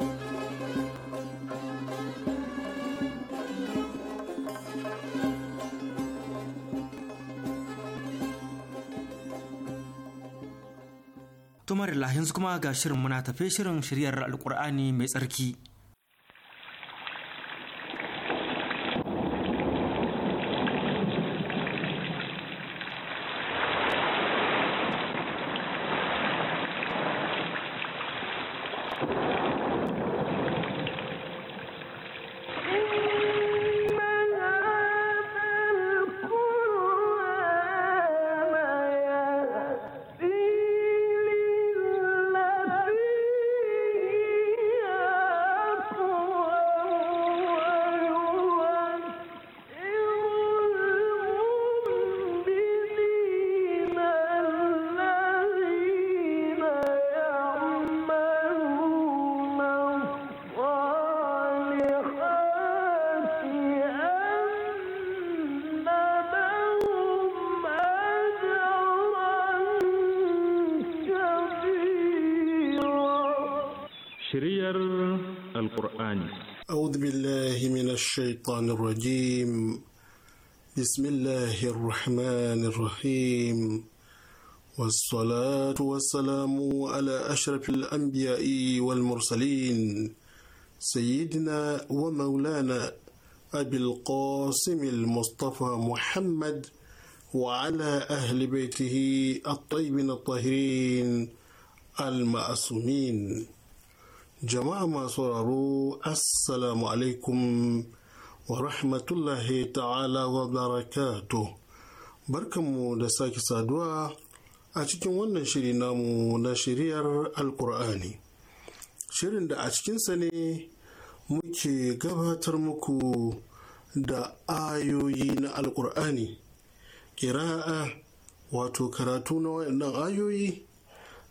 Umar yanzu kuma ga shirin muna tafe shirin shiryar Alkur'ani mai tsarki. الشيطان الرجيم بسم الله الرحمن الرحيم والصلاة والسلام على أشرف الأنبياء والمرسلين سيدنا ومولانا أبي القاسم المصطفى محمد وعلى أهل بيته الطيبين الطاهرين المعصومين جماعة ما raro السلام عليكم wa rahmatullahi ta'ala wa barakatu barkanmu da sake saduwa a cikin wannan shiri namu na shiriyar alkur'ani shirin da a cikinsa ne muke gabatar muku da ayoyi na alkur'ani kira'a wato karatu na waɗannan ayoyi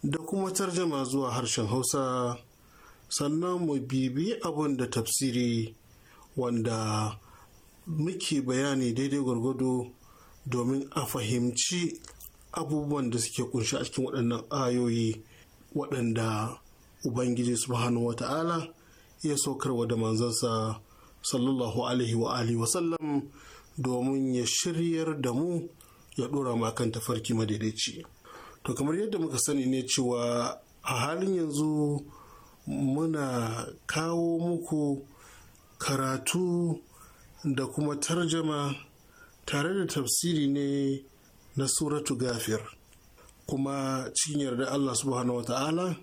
da kuma tarjama zuwa harshen hausa sannan mu bibi abin da tafsiri wanda muke bayani daidai gwargwado domin a fahimci abubuwan da suke kunshi a cikin waɗannan ayoyi waɗanda ubangiji subhanahu ta'ala ya saukarwa da manzansa sallallahu alaihi wa alihi wasallam domin ya shiryar da mu ya ɗora ma kan tafarki madaidaici to kamar yadda muka sani ne cewa a halin yanzu muna kawo muku karatu da kuma tarjama tare da tafsiri ne na suratu gafir kuma cikin yarda Allah subhanahu wata'ala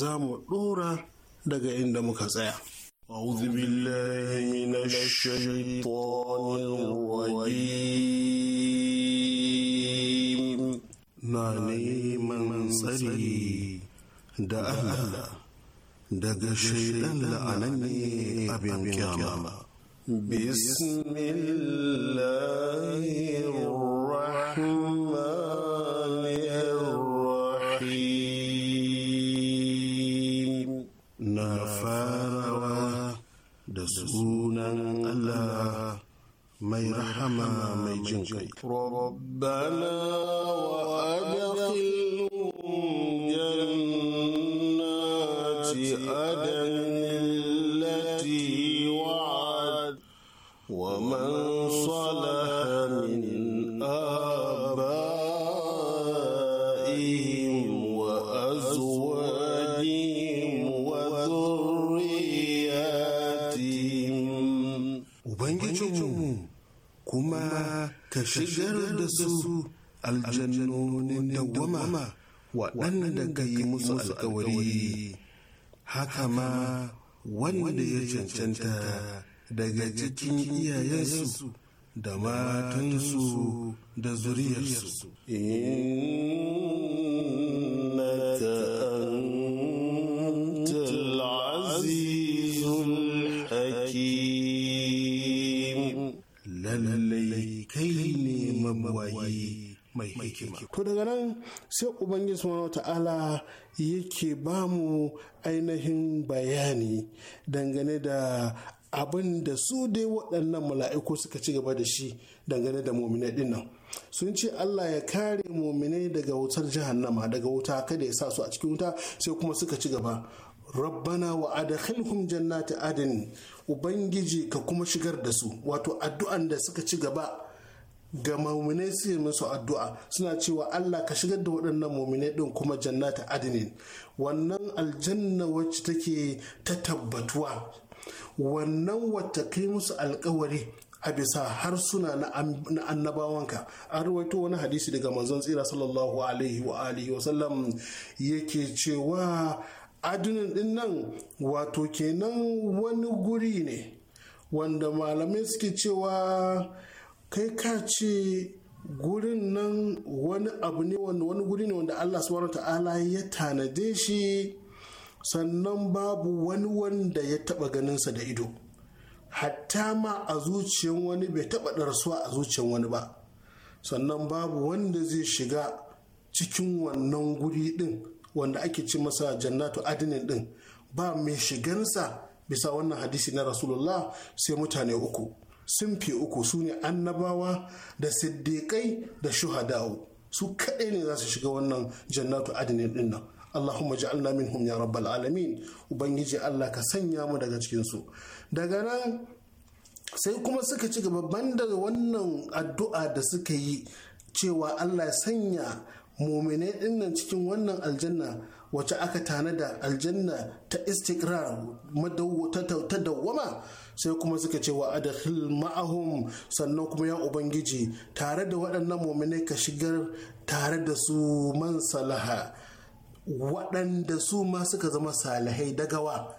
za mu ɗora daga inda muka tsaya. أعوذ بالله من الشيطان الرجيم na neman tsari da Allah daga shaidan لعلني abin kyama بسم الله الرحمن الرحيم نفاروا دسونا الله ما يرحم ما يجنك ربنا وأنت su aljannonin dawwama waɗanda ka yi musu alkawari haka ma wanda ya cancanta daga cikin iyayensu da matansu da zuriyarsu. hikima to daga nan sai ubangiji subhanahu ta'ala yake ba mu ainihin bayani dangane da abin da su dai waɗannan mala'iku suka ci gaba da shi dangane da muminai dinnan sun ce Allah ya kare muminai daga wutar jahannama daga wuta kada ya sa su a cikin wuta sai kuma suka ci gaba rabbana wa adkhilhum jannati adin ubangiji ka kuma shigar da su wato addu'an da suka ci gaba ga muminai su yi musu addu'a suna cewa Allah ka shigar da waɗannan muminai ɗin kuma jannata adinin wannan aljanna wacce take ta tabbatuwa wannan wata kai musu alkawari a bisa harsuna na annabawanka an rawaito wani hadisi daga manzon tsira sallallahu alaihi wa alihi wa sallam yake cewa adinin din nan wato kenan wani guri ne wanda malamai suke cewa kai ka ce gurin nan wani abu ne wani guri ne wanda Allah subhanahu ta'ala ya tanade shi sannan babu wani wanda ya taba ganinsa da ido hatta ma a zuciyan wani bai taba darsuwa a zuciyan wani ba sannan babu wanda zai shiga cikin wannan guri din wanda ake ci masa jannatu adinin din ba mai shigansa bisa wannan hadisi na rasulullah sai mutane uku sun fi uku su ne annabawa da siddiƙai da shuhada'u su kaɗai ne za su shiga wannan jannatu adinin ɗin nan Allahumma ja'alna minhum ya rabbal alamin ubangiji Allah ka sanya mu daga cikin su daga nan sai kuma suka ci gaba banda wannan addu'a da suka yi cewa Allah ya sanya muminai dinnan cikin wannan aljanna wacce aka tanada aljanna ta istikrar ta dawwama sai kuma suka ce wa adkhil ma'ahum sannan kuma ya ubangiji tare da waɗannan mu'minai ka shigar tare da su man salaha waɗanda su ma suka zama salihai wa,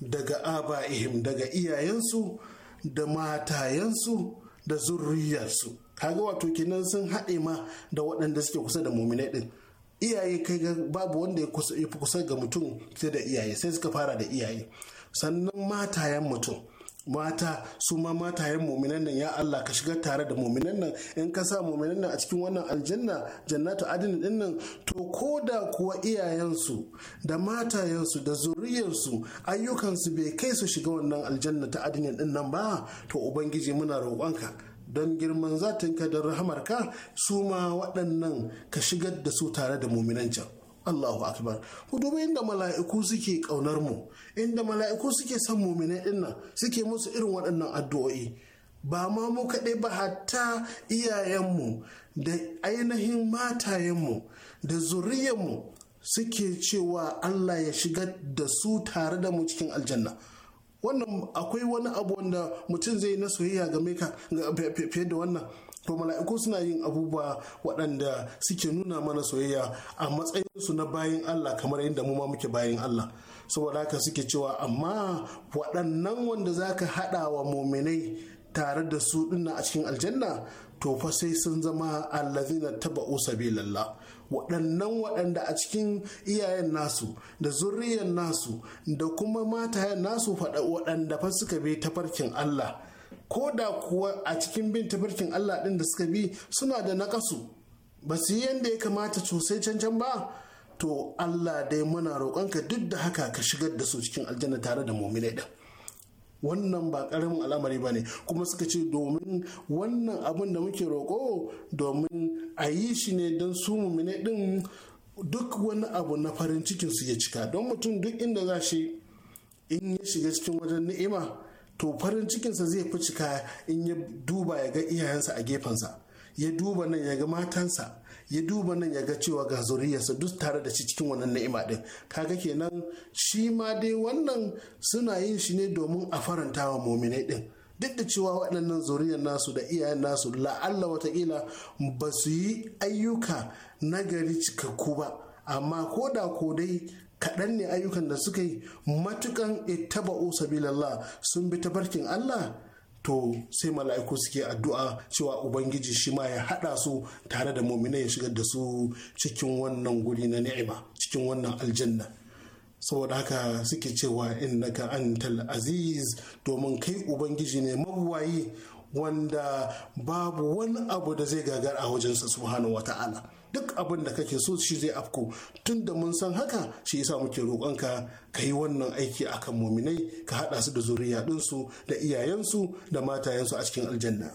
daga aba'ihim daga iyayensu da matayensu da zurriyarsu kaga wato kenan sun haɗe ma da waɗanda suke kusa da muminai ɗin iyaye kai ga babu wanda ya fi kusa ga mutum sai da iyaye sai suka fara da iyaye sannan matayen mutum mata su ma matayen muminan nan ya Allah ka shiga tare da muminan nan in ka sa muminan nan a cikin wannan aljanna jannatu adin din nan to ko da kuwa iyayensu da matayensu da zuriyarsu ayyukansu bai kai su shiga wannan aljanna ta adin din nan ba to ubangiji muna roƙonka don girman zatinka don rahamarka su ma waɗannan ka shigar da su tare da muminan can Allahu akbar ku dubi inda mala'iku suke kaunar mu inda mala'iku suke son muminai dinnan suke musu irin waɗannan addu'o'i ba ma mu kaɗai ba hatta iyayenmu da ainihin matayenmu da zuriyarmu suke cewa Allah ya shigar da su tare da mu cikin aljanna wannan akwai wani abu wanda mutum zai na soyayya game ka fiye da wannan to mala'iku suna yin abubuwa waɗanda suke nuna mana soyayya a matsayinsu na bayan Allah kamar yadda mu ma muke bayan Allah saboda haka suke cewa amma waɗannan wanda zaka haɗa wa muminai tare da su dinna a cikin aljanna to fa sai sun zama allazina taba'u sabilillah waɗannan waɗanda a cikin iyayen nasu da zurriyan nasu da kuma matayen nasu faɗa waɗanda fa suka bi tafarkin Allah ko da kuwa a cikin bin tafarkin Allah ɗin da suka bi suna da nakasu ba su yi yadda ya kamata sosai cancan ba to Allah dai muna roƙonka duk da haka ka shigar da su cikin aljanna tare da mumina ɗin wannan ba ƙaramin al'amari ba ne kuma suka ce domin wannan abin da muke roƙo domin a yi shi ne don su mumina ɗin duk wani abu na farin cikin su ya cika don mutum duk inda za shi in ya shiga cikin wajen ni'ima to farin cikinsa zai fi cika in ya duba ya ga iyayensa a gefensa ya duba nan ya ga matansa ya duba nan ya ga cewa ga zuriyarsa duk tare da shi cikin wannan ni'ima din kaga kenan shi ma dai wannan suna yin shi ne domin a faranta wa mominai din duk da cewa waɗannan zuriyar nasu da iyayen nasu la'alla watakila ba su yi ayyuka nagari cikakku ba amma ko da ko dai kaɗan ne ayyukan da suka yi matukan ittaba'u sabilallah sun bi ta barkin Allah to sai mala'iku suke addu'a cewa ubangiji shi ma ya haɗa su tare da muminai ya shigar da su cikin wannan guri na ni'ima cikin wannan aljanna saboda haka suke cewa innaka antal aziz domin kai ubangiji ne mabuwayi wanda babu wani abu da zai gagar a wajensa subhanahu wata'ala duk abin da kake so shi zai afko tun da mun san haka shi yasa muke roƙonka ka yi wannan aiki akan muminai ka haɗa su da zuriya ɗinsu da iyayensu da matayensu a cikin aljanna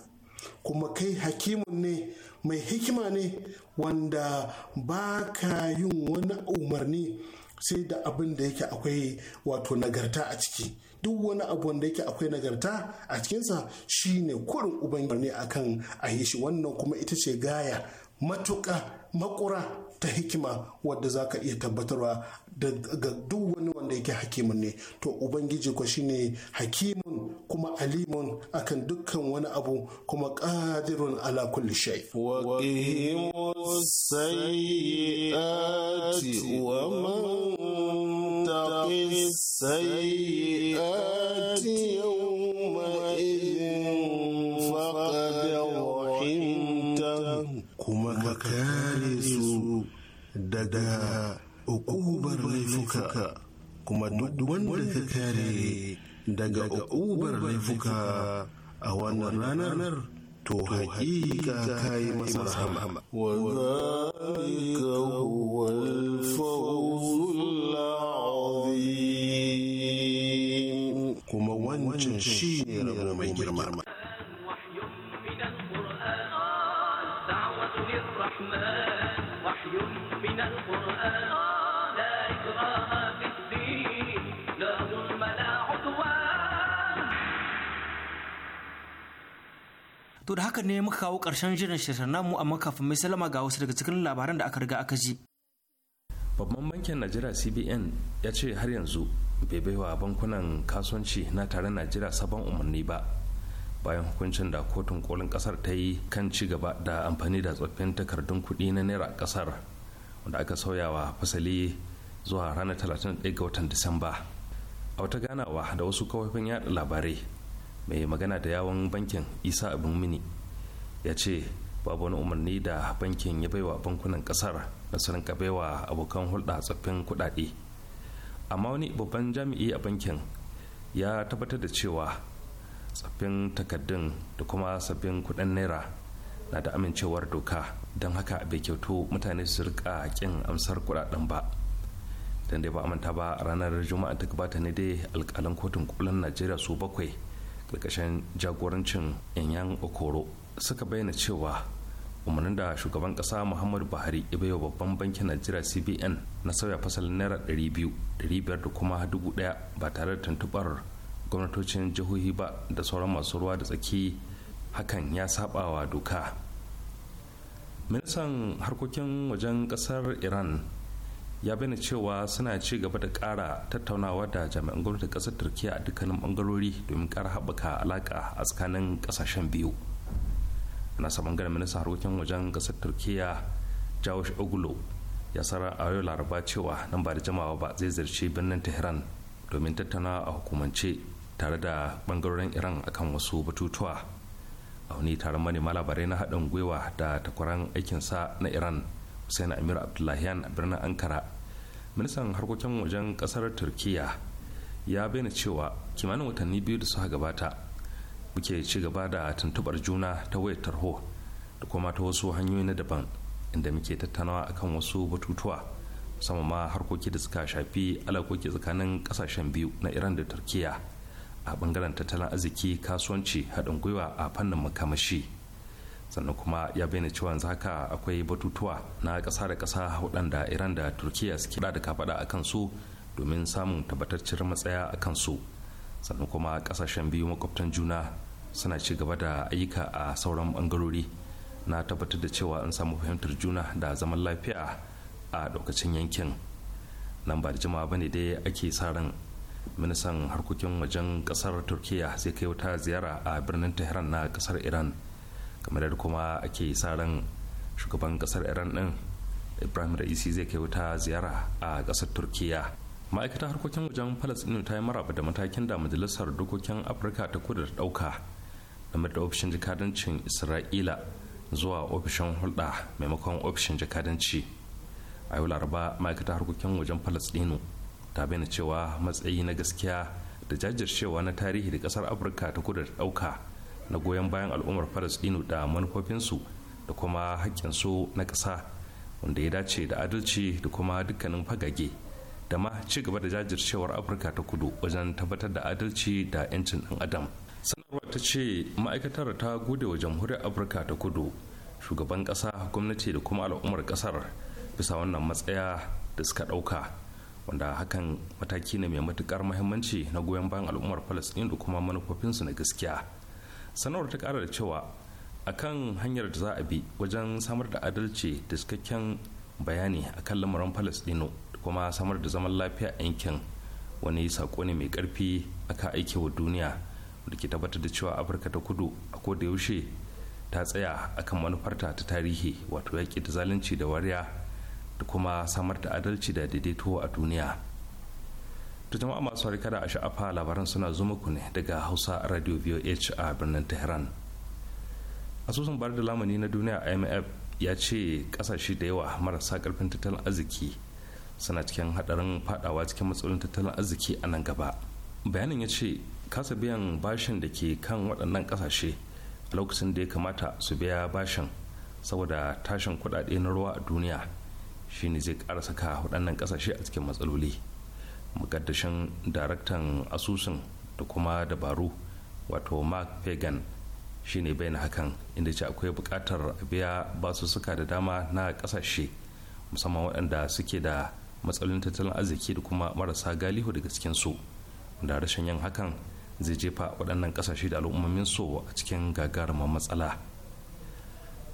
kuma kai hakimun ne mai hikima ne wanda ba ka yin wani umarni sai da abin da yake akwai wato nagarta a ciki duk wani abu da yake akwai nagarta a cikinsa shine kurin uban ne akan a yi shi wannan kuma ita ce gaya matuƙa makura ta hikima wadda za ka iya tabbatarwa daga duk wani wanda yake hakimin ne to ubangiji ko shine hakimun kuma alimun akan dukkan wani abu kuma ƙadirin ala kulli shay wa sayyiati wa man sayyiati daga ukubar laifuka kuma duk wanda ka kare daga ukubar laifuka a wannan ranar to haƙiƙa ka yi masa rahama wa zalika huwal fawz To da haka ne muka kawo ƙarshen jiran shirin namu amma kafin mai salama ga wasu daga cikin labaran da aka riga aka ji. Babban bankin Najeriya CBN ya ce har yanzu bai baiwa bankunan kasuwanci na tare Najeriya sabon umarni ba bayan hukuncin da kotun kolin kasar ta yi kan ci gaba da amfani da tsoffin takardun kuɗi na naira kasar wanda aka sauyawa fasali zuwa ranar 31 ga watan Disamba. A wata ganawa da wasu kawafin yada labarai mai magana da yawon bankin isa abin mini ya ce babu wani umarni da bankin ya baiwa bankunan kasar na su rinka baiwa abokan hulɗa tsaffin kuɗaɗe amma wani babban jami'i a bankin ya tabbatar da cewa tsaffin takardun da kuma sabbin kuɗin naira na da amincewar doka don haka bai kyautu mutane su rika kin amsar kuɗaɗen ba don dai ba amanta ba ranar juma'a ta gabata ne dai alƙalan kotun kolin najeriya su bakwai ƙarƙashin jagorancin yanyan okoro suka bayyana cewa umarnin da shugaban ƙasa muhammadu buhari ya baiwa babban bankin najeriya cbn na sauya fasalin naira 200 500 da kuma 1000 ba tare da tuntubar gwamnatocin jihohi ba da sauran masu ruwa da tsaki hakan ya saba wa doka ministan harkokin wajen kasar iran ya bayyana cewa suna ci gaba da ƙara tattaunawa da jami'an gwamnatin ƙasar turkiya a dukkanin ɓangarori domin ƙara haɓaka alaƙa a tsakanin ƙasashen biyu na saman ganin ministan harkokin wajen ƙasar turkiya jawo ogulo ya sara a yau laraba cewa nan ba da jamawa ba zai ziyarci birnin tehran domin tattaunawa a hukumance tare da ɓangarorin iran akan wasu batutuwa a wani taron manema labarai na haɗin gwiwa da takwaran aikinsa na iran hussein amir abdullahian a birnin ankara ministan harkokin wajen kasar turkiya ya bayyana cewa kimanin watanni biyu da suka gabata muke ci gaba da tuntubar juna ta wayar tarho da kuma ta wasu hanyoyi na daban inda muke tattaunawa akan wasu batutuwa musamman ma harkoki da suka shafi alakoki tsakanin kasashen biyu na iran da turkiya a bangaren tattalin arziki kasuwanci haɗin gwiwa a fannin makamashi sannan kuma ya bayyana cewa yanzu haka akwai batutuwa na ƙasa da ƙasa waɗanda iran da turkiya suke da kafaɗa a kansu domin samun tabbataccen matsaya a kansu sannan kuma ƙasashen biyu makwabtan juna suna ci gaba da ayyuka a sauran bangarori na tabbatar da cewa an samu fahimtar juna da zaman lafiya a ɗaukacin yankin nan ba da jimawa ba ne dai ake sa ran ministan harkokin wajen ƙasar turkiya zai kai wata ziyara a birnin tehran na ƙasar iran kamar da kuma ake sa ran shugaban kasar iran din ibrahim ra'isi zai kai wuta ziyara a kasar turkiya ma'aikatar harkokin wajen palestino ta yi maraba da matakin da majalisar dokokin afirka ta kudu da dauka game da ofishin jikadancin isra'ila zuwa ofishin hulɗa maimakon ofishin jikadanci a yau laraba ma'aikatar harkokin wajen palestino ta bayyana cewa matsayi na gaskiya da jajircewa na tarihi da kasar afirka ta kudu da dauka na goyon bayan al'ummar palestino da manufofinsu da kuma haƙƙinsu na ƙasa wanda ya dace da adalci da kuma dukkanin fagage da ma ci gaba da jajircewar afirka ta kudu wajen tabbatar da adalci da 'yancin ɗan adam sanarwar ta ce ma'aikatar ta gode wa jamhuriyar afirka ta kudu shugaban ƙasa gwamnati da kuma al'ummar ƙasar bisa wannan matsaya da suka ɗauka wanda hakan mataki ne mai matuƙar muhimmanci na goyon bayan al'ummar palestine da kuma manufofinsu na gaskiya sanarwar ta kara da cewa a kan hanyar da za a bi wajen samar da adalci da cikakken bayani a kan lamarin palestino da kuma samar da zaman lafiya a yankin wani saƙo ne mai karfi ka aike wa duniya da ke tabbatar da cewa afirka ta kudu a da yaushe ta tsaya a kan manufarta ta tarihi wato yaƙi da zalunci da wariya da kuma samar da adalci da daidaito a duniya da jama'a masu kada a sha'afa labaran suna zo muku ne daga hausa radio voh a birnin tehran asusun bayar da lamani na duniya imf ya ce kasashe da yawa marasa karfin tattalin arziki suna cikin hadarin fadawa cikin matsalolin tattalin arziki a nan gaba bayanin ya ce kasa biyan bashin da ke kan waɗannan kasashe a lokacin da ya kamata su biya bashin saboda tashin kuɗaɗe na ruwa a duniya shine zai ƙara saka waɗannan kasashe a cikin matsaloli mukaddashin daraktan asusun da kuma dabaru wato mark pagan shine bayan hakan inda ce akwai bukatar biya ba su suka da dama na kasashe musamman waɗanda suke da matsalolin tattalin arziki da kuma marasa galihu daga cikin su da rashin yin hakan zai jefa waɗannan kasashe da al'ummomin su a cikin gagarumin matsala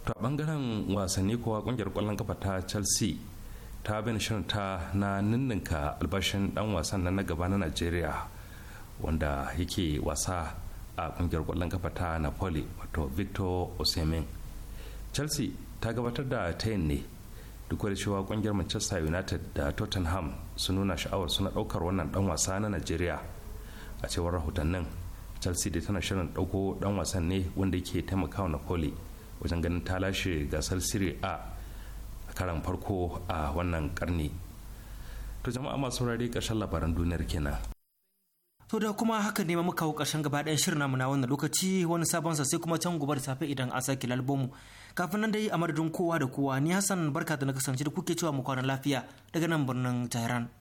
ta ɓangaren wasanni kowa ƙungiyar ƙwallon kafa ta chelsea ta bin shirin ta na ninninka albashin dan wasan na gaba na nigeria wanda yake wasa a kungiyar kwallon kafa ta napoli wato victor osimhen chelsea ta gabatar da tayin ne duk da cewa kungiyar manchester united da tottenham su nuna sha'awar suna daukar wannan dan wasa na nigeria a cewar rahotannin chelsea da tana shirin dauko dan wasan ne wanda yake taimakawa napoli wajen ganin ta lashe gasar serie a karan farko a wannan karni to jama'a masu saurare ƙarshen labaran duniyar kenan To da kuma haka ne muka hau ƙarshen gaba ɗayan shirin namu na wannan lokaci wani sabon sa sai kuma can gobe da safe idan an sake lalbomu. Kafin nan dai a madadin kowa da kowa ni Hassan barka da na kasance da kuke cewa mu kwana lafiya daga nan birnin Tehran.